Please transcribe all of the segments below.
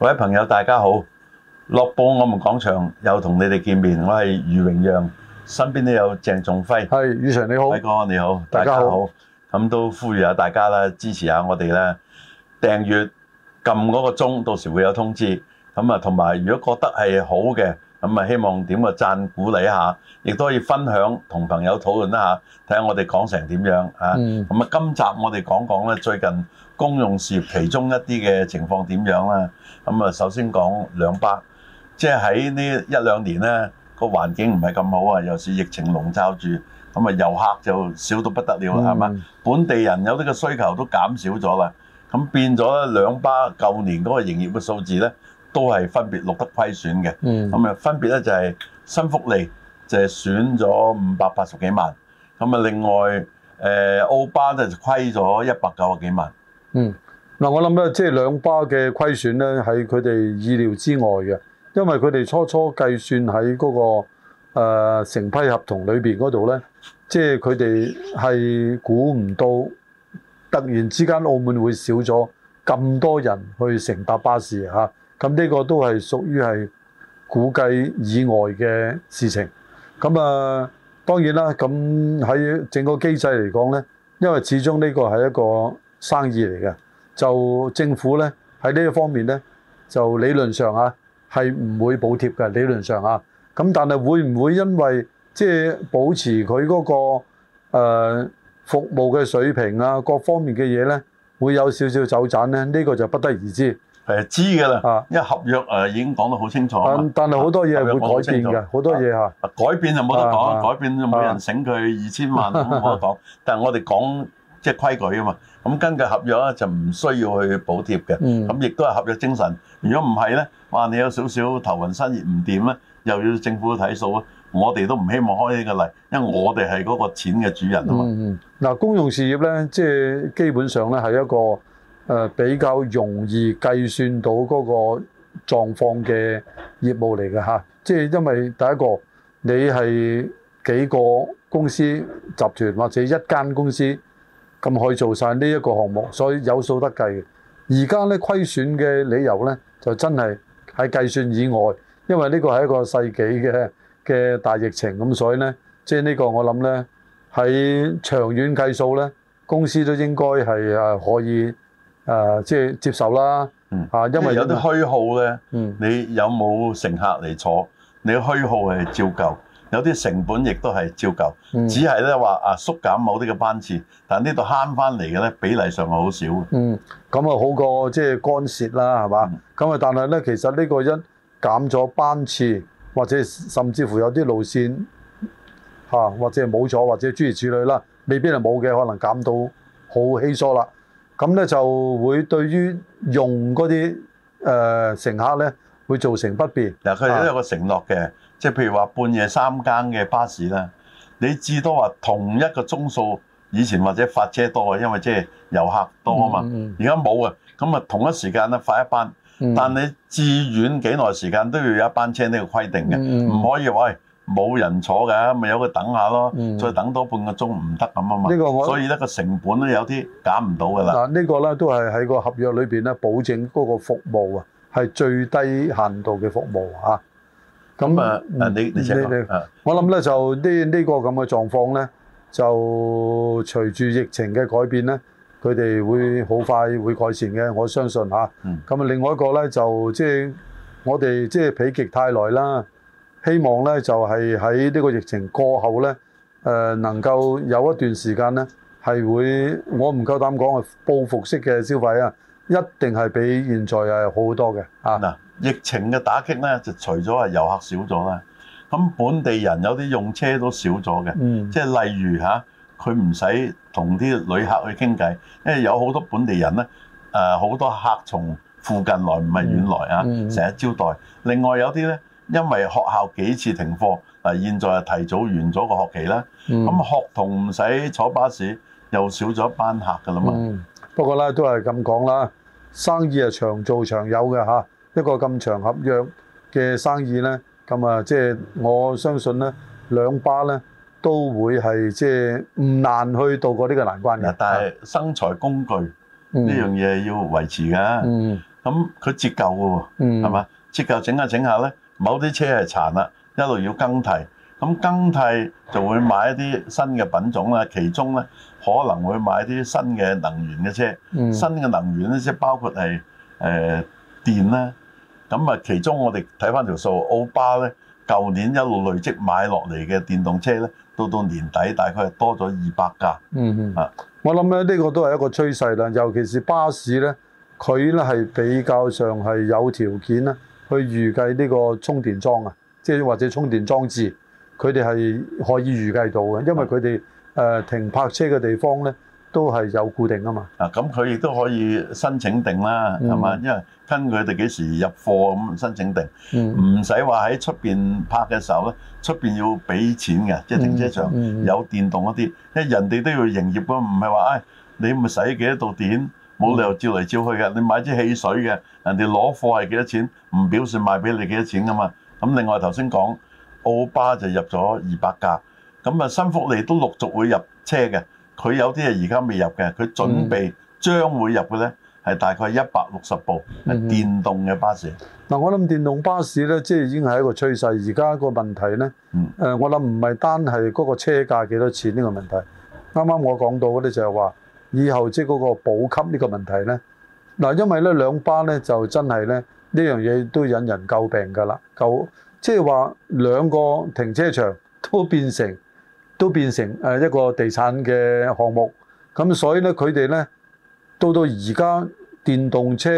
各位朋友，大家好！樂報，我們講場又同你哋見面，我係余榮讓，身邊都有鄭仲輝，係雨翔你好，偉哥你好，大家好。咁都呼籲下大家啦，支持下我哋啦，訂閱撳嗰個鐘，到時會有通知。咁啊，同埋如果覺得係好嘅，咁啊希望點個讚鼓勵一下，亦都可以分享同朋友討論一下，睇下我哋講成點樣啊。咁、嗯、啊，今集我哋講講咧最近。公用事業其中一啲嘅情況點樣啦？咁啊，首先講兩巴，即係喺呢一兩年咧個環境唔係咁好啊，又是疫情籠罩住，咁啊遊客就少到不得了啦，係嘛？本地人有啲嘅需求都減少咗啦，咁變咗兩巴舊年嗰個營業嘅數字咧都係分別錄得虧損嘅。咁啊分別咧就係新福利就係損咗五百八十幾萬，咁啊另外誒澳巴咧就虧咗一百九十幾萬。嗯，嗱，我諗咧，即係兩巴嘅虧損咧，喺佢哋意料之外嘅，因為佢哋初初計算喺嗰、嗰個誒、呃、成批合同裏邊嗰度咧，即係佢哋係估唔到突然之間澳門會少咗咁多人去乘搭巴士吓，咁、啊、呢個都係屬於係估計以外嘅事情。咁啊，當然啦，咁喺整個機制嚟講咧，因為始終呢個係一個。生意嚟嘅，就政府咧喺呢一方面咧，就理論上啊係唔會補貼嘅，理論上啊，咁但係會唔會因為即係、就是、保持佢嗰、那個、呃、服務嘅水平啊，各方面嘅嘢咧，會有少少走盞咧？呢、這個就不得而知。誒知㗎啦、啊，因為合約誒已經講得好清楚、啊、但但係好多嘢係會改變嘅，好、啊、多嘢嚇、啊啊。改變就冇得講、啊，改變就冇、啊、人醒佢。佢二千萬都冇得講、啊。但係我哋講。即、就、係、是、規矩啊嘛，咁根據合約咧就唔需要去補貼嘅。咁亦都係合約精神。嗯、如果唔係咧，話你有少少頭暈身熱唔掂咧，又要政府去睇數啊？我哋都唔希望開呢個例，因為我哋係嗰個錢嘅主人啊嘛。嗱、嗯嗯，公用事業咧，即、就、係、是、基本上咧係一個誒比較容易計算到嗰個狀況嘅業務嚟嘅吓，即、就、係、是、因為第一個你係幾個公司集團或者一間公司。咁可以做晒呢一個項目，所以有數得計嘅。而家咧虧損嘅理由咧，就真係喺計算以外，因為呢個係一個世紀嘅嘅大疫情咁，所以咧，即係呢個我諗咧，喺長遠計數咧，公司都應該係可以即係、呃就係、接受啦。嗯。因為有啲虛耗咧。嗯。你有冇乘客嚟坐？你虛耗係照舊有啲成本亦都係照舊，只係咧話啊縮減某啲嘅班次，但係呢度慳翻嚟嘅咧比例上係好少。嗯，咁啊好過即係干涉啦，係嘛？咁、嗯、啊，但係咧其實呢個一減咗班次，或者甚至乎有啲路線嚇、啊，或者冇咗，或者諸如此類啦，未必係冇嘅，可能減到好稀疏啦。咁咧就會對於用嗰啲誒乘客咧會造成不便。嗱、嗯，佢哋都有個承諾嘅。即係譬如話半夜三更嘅巴士呢，你至多話同一個鐘數以前或者發車多啊，因為即係遊客多啊嘛。而家冇啊，咁、嗯、啊同一時間咧發一班，嗯、但你至遠幾耐時間都要有一班車呢個規定嘅，唔、嗯、可以喂冇人坐㗎，咪有個等下咯，再、嗯、等多半個鐘唔得咁啊嘛。呢、嗯、個所以咧個成本咧有啲減唔到㗎喇。這個、呢個咧都係喺個合約裏邊咧保證嗰個服務啊，係最低限度嘅服務啊。咁啊！你你你哋，我諗咧就呢、這、呢個咁嘅、這個、狀況咧，就隨住疫情嘅改變咧，佢哋會好快會改善嘅。我相信嚇。咁啊，另外一個咧就即係、就是、我哋即係否極泰來啦，希望咧就係喺呢個疫情過後咧，誒、呃、能夠有一段時間咧係會，我唔夠膽講係，報復式嘅消費啊，一定係比現在係好好多嘅嚇。嗱、啊。疫情嘅打擊咧，就除咗係遊客少咗啦，咁本地人有啲用車都少咗嘅、嗯，即係例如吓，佢唔使同啲旅客去傾偈，因為有好多本地人咧，誒、啊、好多客從附近來唔係遠來啊，成日招待、嗯。另外有啲咧，因為學校幾次停課，嗱現在係提早完咗個學期啦，咁、嗯、學童唔使坐巴士，又少咗班客㗎啦嘛、嗯。不過咧都係咁講啦，生意係長做長有嘅嚇。一個咁長合約嘅生意咧，咁啊，即係我相信咧，兩巴咧都會係即係唔難去渡過呢個難關嘅。但係生財工具呢樣嘢要維持嘅，嗯，咁佢節夠折舊嘅喎，係嘛？折舊整下整下咧，某啲車係殘啦，一路要更替，咁更替就會買一啲新嘅品種啦。其中咧可能會買啲新嘅能源嘅車，新嘅能源咧即係包括係誒電啦。咁啊，其中我哋睇翻條數，奧巴咧，舊年一路累積買落嚟嘅電動車咧，到到年底大概係多咗二百架。嗯嗯，我諗咧呢個都係一個趨勢啦，尤其是巴士咧，佢咧係比較上係有條件啦，去預計呢個充電樁啊，即係或者充電裝置，佢哋係可以預計到嘅，因為佢哋誒停泊車嘅地方咧。都係有固定啊嘛！啊咁佢亦都可以申請定啦，係、嗯、嘛？因為跟佢哋幾時入貨咁申請定，唔使話喺出邊拍嘅時候咧，出邊要俾錢嘅，即係停車場有電動嗰啲、嗯嗯，因為人哋都要營業嘅，唔係話唉你唔使幾多度電，冇理由照嚟照去嘅、嗯。你買支汽水嘅，人哋攞貨係幾多錢，唔表示賣俾你幾多錢噶嘛。咁另外頭先講奧巴就入咗二百架，咁啊新福利都陸續會入車嘅。佢有啲係而家未入嘅，佢準備將會入嘅咧，係大概一百六十部電動嘅巴士。嗱、嗯嗯嗯，我諗電動巴士咧，即係已經係一個趨勢。而家個問題咧、嗯呃，我諗唔係單係嗰個車價幾多錢呢、呢個問題。啱啱我講到嗰啲就係話，以後即係嗰個補給呢個問題咧。嗱，因為咧兩巴咧就真係咧呢樣嘢、這個、都引人詬病㗎啦，即係話兩個停車場都變成。都變成誒一個地產嘅項目，咁所以咧佢哋咧到到而家電動車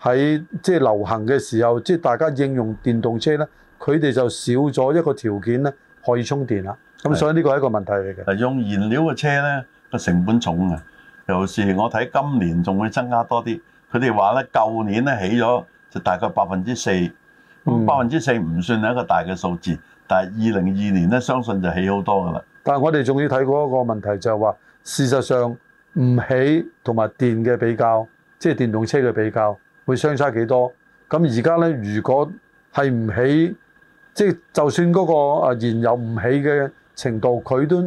喺即係流行嘅時候，即係大家應用電動車咧，佢哋就少咗一個條件咧可以充電啦。咁所以呢個係一個問題嚟嘅。係，用燃料嘅車咧個成本重啊，尤其是我睇今年仲會增加多啲。佢哋話咧舊年咧起咗就大概百分之四，咁百分之四唔算係一個大嘅數字。嗯但係二零二年咧，相信就起好多噶啦。但係我哋仲要睇過一個問題，就係話，事實上唔起同埋電嘅比較，即、就、係、是、電動車嘅比較，會相差幾多？咁而家咧，如果係唔起，即、就、係、是、就算嗰個啊燃油唔起嘅程度，佢都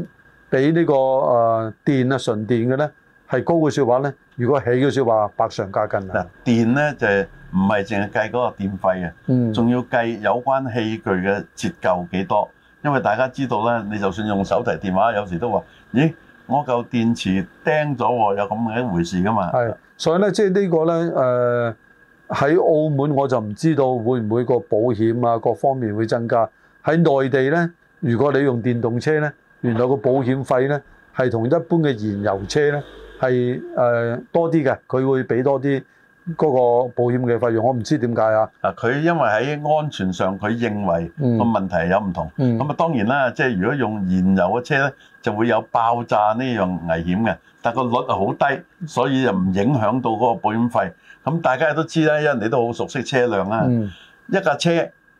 比這個呢個啊電啊純電嘅咧，係高嘅說話咧？如果起嗰句話，百上加斤啊、嗯！電咧就唔係淨係計嗰個電費，嗯，仲要計有關器具嘅折舊幾多？因為大家知道咧，你就算用手提電話，有時都話：咦，我嚿電池釘咗喎，有咁嘅一回事噶嘛？係。所以咧，即係呢個咧，誒，喺澳門我就唔知道會唔會個保險啊各方面會增加。喺內地咧，如果你用電動車咧，原來個保險費咧係同一般嘅燃油車咧。係誒、呃、多啲嘅，佢會俾多啲嗰個保險嘅費用。我唔知點解啊！啊，佢因為喺安全上，佢認為個問題有唔同。咁、嗯、啊，嗯、當然啦，即係如果用燃油嘅車咧，就會有爆炸呢樣危險嘅。但個率好低，所以就唔影響到嗰個保險費。咁大家都知啦，因為你都好熟悉車輛啦、嗯。一架車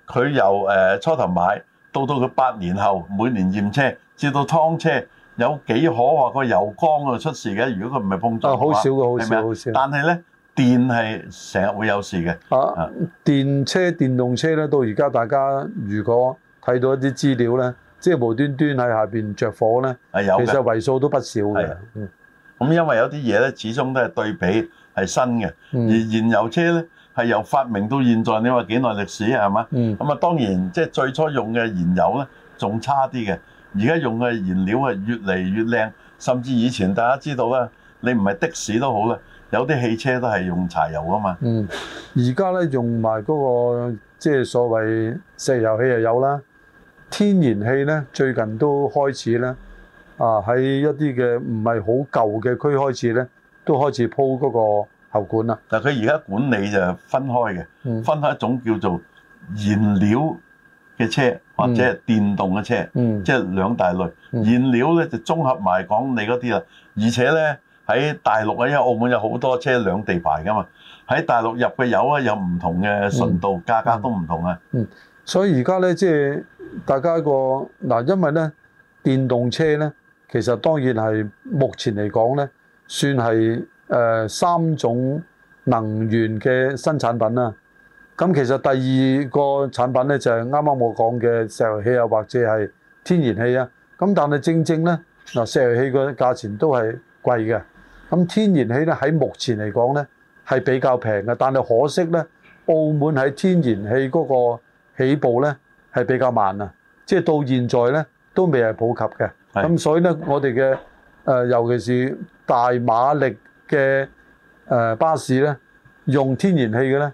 佢由誒、呃、初頭買，到到佢八年後每年驗車，至到劏車。有幾可話個油缸啊出事嘅，如果佢唔係碰撞嘅話，啊，好少嘅，好少嘅，好少，好少。但係咧，電係成日會有事嘅。啊，電車、電動車咧，到而家大家如果睇到一啲資料咧，即係無端端喺下邊着火咧，係有嘅，其實為數都不少嘅。咁、嗯、因為有啲嘢咧，始終都係對比係新嘅、嗯，而燃油車咧係由發明到現在，你話幾耐歷史係嘛？嗯，咁啊當然即係最初用嘅燃油咧仲差啲嘅。而家用嘅燃料係，越嚟越靚，甚至以前大家知道啦，你唔係的士都好啦，有啲汽車都係用柴油啊嘛。嗯。而家咧用埋嗰個即係所謂石油氣又有啦，天然氣咧最近都開始咧，啊喺一啲嘅唔係好舊嘅區開始咧都開始鋪嗰個喉管啦。但係佢而家管理就係分開嘅，分開一種叫做燃料嘅車。或者係電動嘅車，嗯，即係兩大類燃料咧，就綜合埋講你嗰啲啦。而且咧喺大陸啊，因為澳門有好多車兩地牌噶嘛，喺大陸入嘅油啊，有唔同嘅純度，價格都唔同啊。嗯，所以而家咧即係大家一個嗱，因為咧電動車咧，其實當然係目前嚟講咧，算係誒三種能源嘅新產品啦。咁其實第二個產品咧就係啱啱我講嘅石油氣啊，或者係天然氣啊。咁但係正正咧，嗱石油氣個價錢都係貴嘅。咁天然氣咧喺目前嚟講咧係比較平嘅，但係可惜咧，澳門喺天然氣嗰個起步咧係比較慢啊。即係到現在咧都未係普及嘅。咁所以咧，我哋嘅誒尤其是大馬力嘅誒巴士咧，用天然氣嘅咧。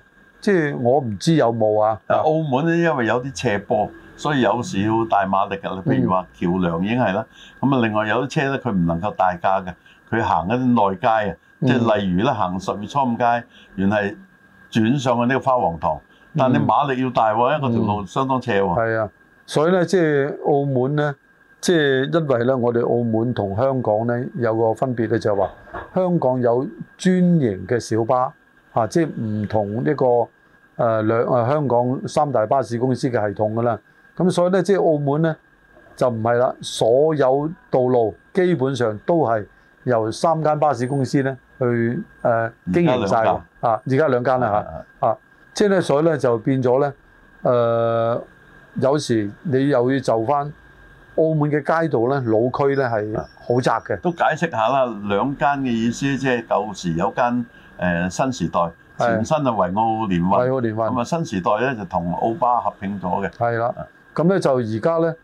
即係我唔知有冇啊！啊，澳門咧，因為有啲斜坡，所以有時要大馬力嘅。譬如話橋梁已經係啦，咁啊，另外有啲車咧，佢唔能夠大駕嘅，佢行緊內街啊，即、嗯、係例如咧行十月初五街，原係轉上去呢個花王堂，但你馬力要大喎，因為條路相當斜喎。係、嗯嗯、啊，所以咧即係澳門咧，即係因為咧我哋澳門同香港咧有個分別咧，就係、是、話香港有專營嘅小巴啊，即係唔同呢、這個。誒兩誒香港三大巴士公司嘅系統㗎啦，咁所以咧即係澳門咧就唔係啦，所有道路基本上都係由三間巴士公司咧去誒、呃、經營晒。啊，而家兩間啦嚇啊，即係咧所以咧就變咗咧誒，有時你又要就返澳門嘅街道咧，老區咧係好窄嘅，都解釋下啦，兩間嘅意思即係舊時有間誒、呃、新時代。前身啊，為澳聯運，咁啊新時代咧就同奧巴合併咗嘅。係啦，咁咧就而家咧，誒、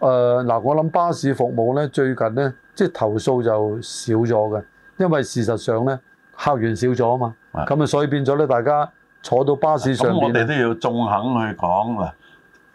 呃、嗱，我諗巴士服務咧最近咧，即係投訴就少咗嘅，因為事實上咧客源少咗啊嘛，咁啊所以變咗咧大家坐到巴士上面我哋都要中肯去講嗱，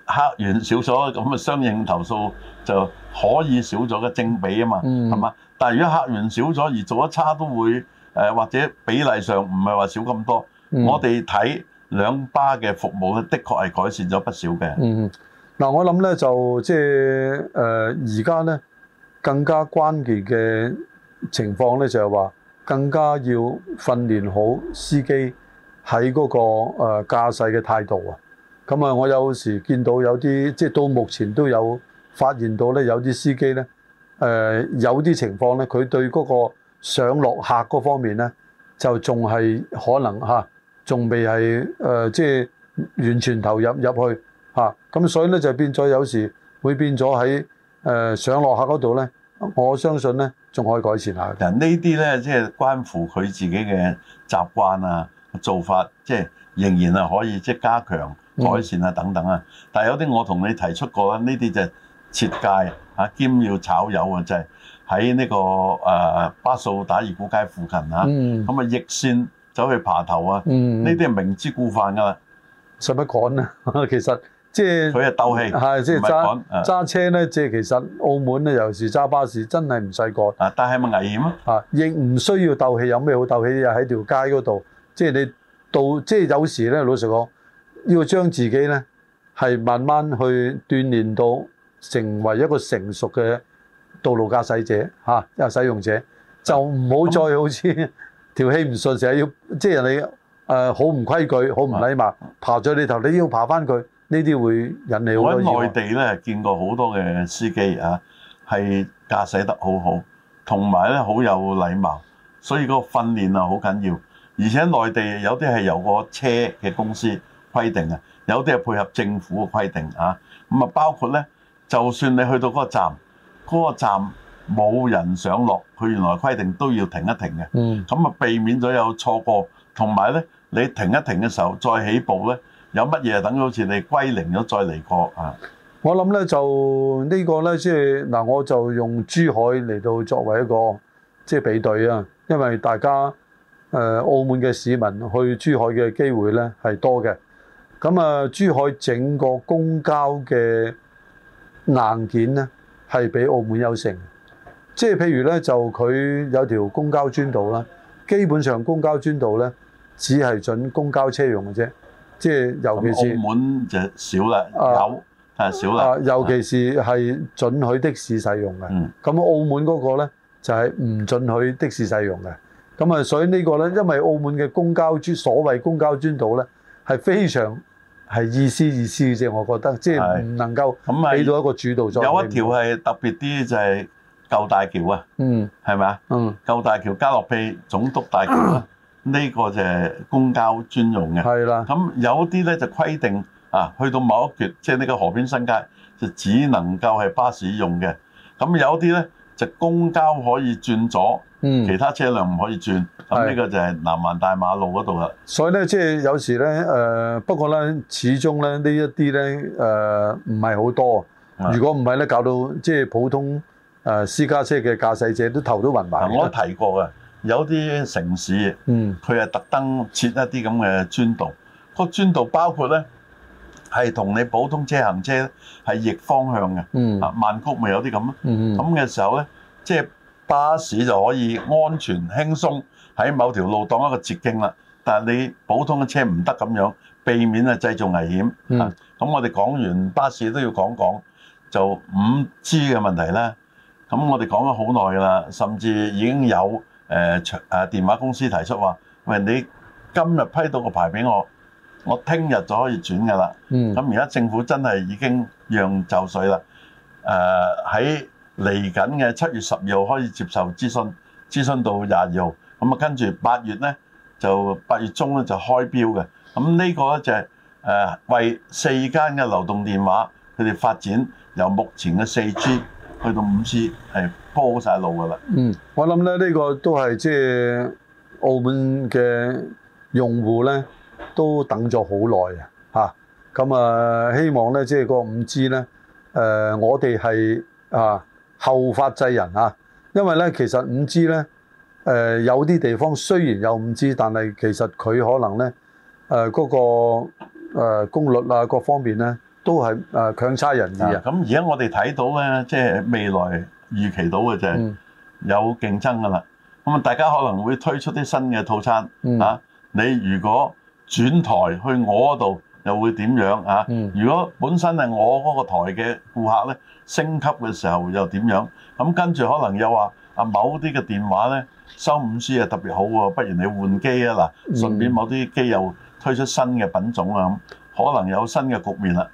客源少咗，咁啊相應投訴就可以少咗嘅正比啊嘛，係、嗯、嘛？但係如果客源少咗而做得差都會。誒或者比例上唔係話少咁多，我哋睇兩巴嘅服務，的確係改善咗不少嘅。嗯嗯。嗯，嗱，我諗咧就即係誒而家咧更加關鍵嘅情況咧就係話更加要訓練好司機喺嗰個誒駕駛嘅態度啊。咁啊，我有時見到有啲即係到目前都有發現到咧有啲司機咧誒有啲情況咧佢對嗰個上落客嗰方面咧，就仲係可能仲、啊、未係、呃、即係完全投入入去咁、啊、所以咧就變咗有時會變咗喺、呃、上落客嗰度咧，我相信咧仲可以改善下。嗱，呢啲咧即係關乎佢自己嘅習慣啊、做法，即、就、係、是、仍然係可以即、就是、加強改善啊、嗯、等等啊。但有啲我同你提出過呢啲就設計。啊，兼要炒魷、就是在這個、啊，就係喺呢個誒巴素打二股街附近、嗯、啊。咁啊，逆線走去爬頭啊。呢啲係明知故犯㗎啦。使乜趕啊？其實即係佢係鬥氣，係即係揸揸車咧。即、啊、係其實澳門咧，尤其是揸巴士，真係唔使趕。啊，但係咪危險啊？啊，亦唔需要鬥氣，有咩好鬥氣啊？喺條街嗰度，即、就、係、是、你到即係、就是、有時咧，老實講，要將自己咧係慢慢去鍛鍊到。成為一個成熟嘅道路駕駛者嚇，即、啊、使用者就唔好再好似、嗯、條氣唔順時，成日要即係你哋好唔規矩、好唔禮貌，爬咗你頭，你要爬翻佢。呢啲會引嚟好多意外。喺內地咧，見過好多嘅司機啊，係駕駛得好好，同埋咧好有禮貌，所以個訓練啊好緊要。而且內地有啲係由個車嘅公司規定啊，有啲係配合政府嘅規定啊。咁啊，包括咧。就算你去到嗰個站，嗰、嗰個站冇人上落，佢原來規定都要停一停嘅。咁、嗯、啊，避免咗有錯過。同埋呢你停一停嘅時候再起步呢，有乜嘢啊？等好似你歸零咗再嚟過啊！我諗呢就呢個呢，即係嗱，我就用珠海嚟到作為一個即係、即係、比對啊，因為大家誒、呃、澳門嘅市民去珠海嘅機會呢係多嘅。咁啊，珠海整個公交嘅。硬件咧係比澳門優勝，即係譬如咧就佢有條公交專道啦，基本上公交專道咧只係準公交車用嘅啫，即係尤其是澳門就少啦、啊，有但少啦、啊，尤其是係準許的士使用嘅，咁、嗯、澳門嗰個咧就係、是、唔準許的士使用嘅，咁啊所以這個呢個咧因為澳門嘅公交專所謂公交專道咧係非常。係意思意思嘅啫，我覺得即係唔能夠俾到一個主導。咗。有一條係特別啲，就係、是、舊大橋啊，嗯，係咪啊，嗯，舊大橋嘉樂庇總督大橋呢、嗯這個就係公交專用嘅。係啦，咁有啲咧就規定啊，去到某一橛，即係呢個河邊新街，就只能夠係巴士用嘅。咁有啲咧就公交可以轉左。嗯，其他車輛唔可以轉，咁呢個就係南環大馬路嗰度啦。所以咧，即係有時咧，誒、呃、不過咧，始終咧呢一啲咧，誒唔係好多是。如果唔係咧，搞到即係普通誒、呃、私家車嘅駕駛者都頭都暈埋、嗯。我提過噶，有啲城市，嗯，佢係特登設一啲咁嘅專道。個專道包括咧係同你普通車行車係逆方向嘅，嗯，啊，曼谷咪有啲咁咯，咁、嗯、嘅時候咧，即、就、係、是。巴士就可以安全輕鬆喺某條路當一個捷徑啦，但係你普通嘅車唔得咁樣，避免啊製造危險。咁、嗯啊、我哋講完巴士都要講講就 5G 嘅問題咧。咁我哋講咗好耐㗎啦，甚至已經有誒長誒電話公司提出話，喂，你今日批到個牌俾我，我聽日就可以轉噶啦。咁而家政府真係已經讓就水啦。誒、呃、喺嚟緊嘅七月十二號開始接受諮詢，諮詢到廿二號，咁啊跟住八月咧就八月中咧就開標嘅。咁呢個就係、是、誒、呃、為四間嘅流動電話佢哋發展由目前嘅四 G 去到五 G 係鋪晒路噶啦。嗯，我諗咧呢、這個都係即係澳門嘅用戶咧都等咗好耐啊嚇，咁啊希望咧即係個五 G 咧誒我哋係啊～後發制人嚇、啊，因為咧其實五 G 咧，誒有啲地方雖然有五 G，但係其實佢可能咧，誒、呃、嗰、那個功率、呃、啊各方面咧都係誒、呃、強差人意、啊。咁而家我哋睇到咧，即、就、係、是、未來預期到嘅就係有競爭噶啦。咁啊，大家可能會推出啲新嘅套餐、嗯、啊。你如果轉台去我嗰度。又會點樣啊？如果本身係我嗰個台嘅顧客呢，升級嘅時候又點樣？咁跟住可能又話啊，某啲嘅電話呢，收五 G 啊，特別好喎，不如你換機啦。順便某啲機又推出新嘅品種，可能有新嘅局面啦。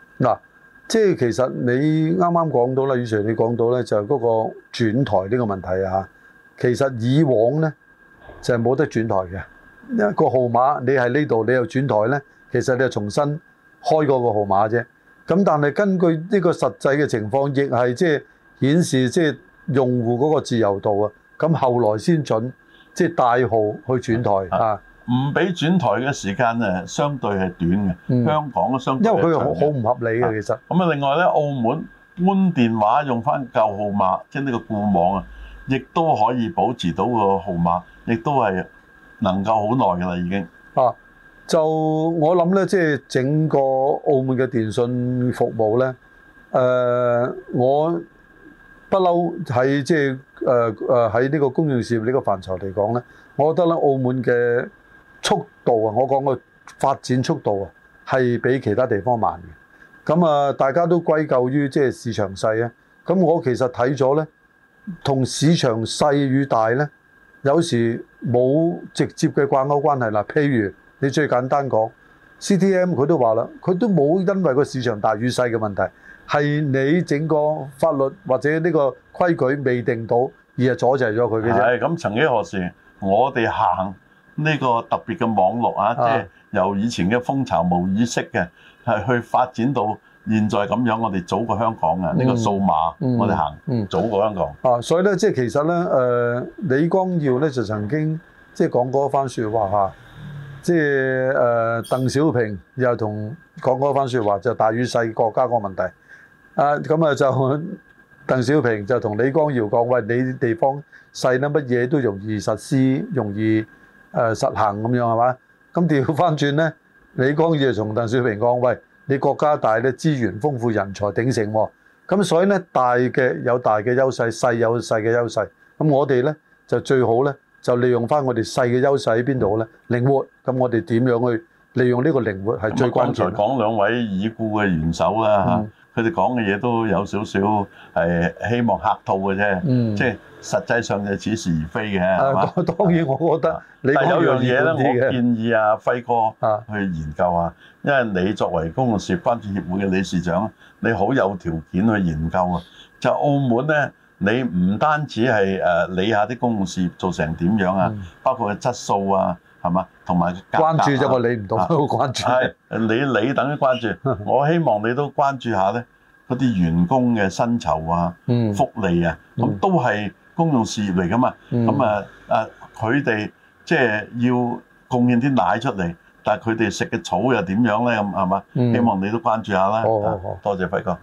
其實你係重新開過個號碼啫，咁但係根據呢個實際嘅情況，亦係即係顯示即係用戶嗰個自由度啊。咁後來先準即係大號去轉台啊，唔俾轉台嘅時間誒，相對係短嘅、嗯。香港相對係長嘅，因為佢係好好唔合理嘅其實。咁、嗯、啊，另外咧，澳門搬電話用翻舊號碼，即係呢個固網啊，亦都可以保持到個號碼，亦都係能夠好耐噶啦已經。啊。就我諗咧，即、就、係、是、整個澳門嘅電信服務咧，誒、呃，我不嬲喺即係誒誒喺呢個公用事業呢個範疇嚟講咧，我覺得咧澳門嘅速度啊，我講個發展速度啊，係比其他地方慢嘅。咁啊，大家都歸咎於即係市場細咧。咁我其實睇咗咧，同市場細與大咧，有時冇直接嘅掛鈎關係啦，譬如，你最簡單講，CTM 佢都話啦，佢都冇因為個市場大與細嘅問題，係你整個法律或者呢個規矩未定到而係阻滯咗佢嘅啫。咁，曾幾何時我哋行呢個特別嘅網絡啊？即、啊、係由以前嘅風巢無意識嘅係去發展到現在咁樣，我哋早過香港啊！呢、嗯呢個數碼、嗯、我哋行早過香港啊，所以咧即係其實咧誒、呃，李光耀咧就曾經即係講過一番説話嚇。啊即係誒，鄧小平又同講嗰一番説話，就大與細國家嗰個問題。啊，咁啊就鄧小平就同李光耀講：喂，你地方細咧，乜嘢都容易實施，容易誒實行咁樣係嘛？咁調翻轉咧，李光耀就同鄧小平講：喂，你國家大咧，資源豐富，人才鼎盛喎。咁所以咧，大嘅有大嘅優勢，細有細嘅優勢。咁我哋咧就最好咧。就利用翻我哋細嘅優勢喺邊度咧？靈活咁，我哋點樣去利用呢個靈活係最關鍵。剛才講兩位已故嘅元首啦，嚇佢哋講嘅嘢都有少少係希望客套嘅啫、嗯，即係實際上就似是而非嘅，係、嗯啊、當然我覺得你、啊，但有樣嘢咧，我建議阿、啊、輝哥去研究下、啊啊，因為你作為公共事業關注協會嘅理事長，你好有條件去研究啊。就是、澳門咧。你唔單止係誒理下啲公共事業做成點樣啊，包括嘅質素啊，係嘛，同埋關注咗，我理唔到，關注係你你等於關注。我希望你都關注下咧，嗰啲員工嘅薪酬啊、福利啊，咁都係公共事業嚟噶嘛。咁啊啊，佢哋即係要貢獻啲奶出嚟，但係佢哋食嘅草又點樣咧？係嘛，希望你都關注下啦。好好好，多謝輝哥。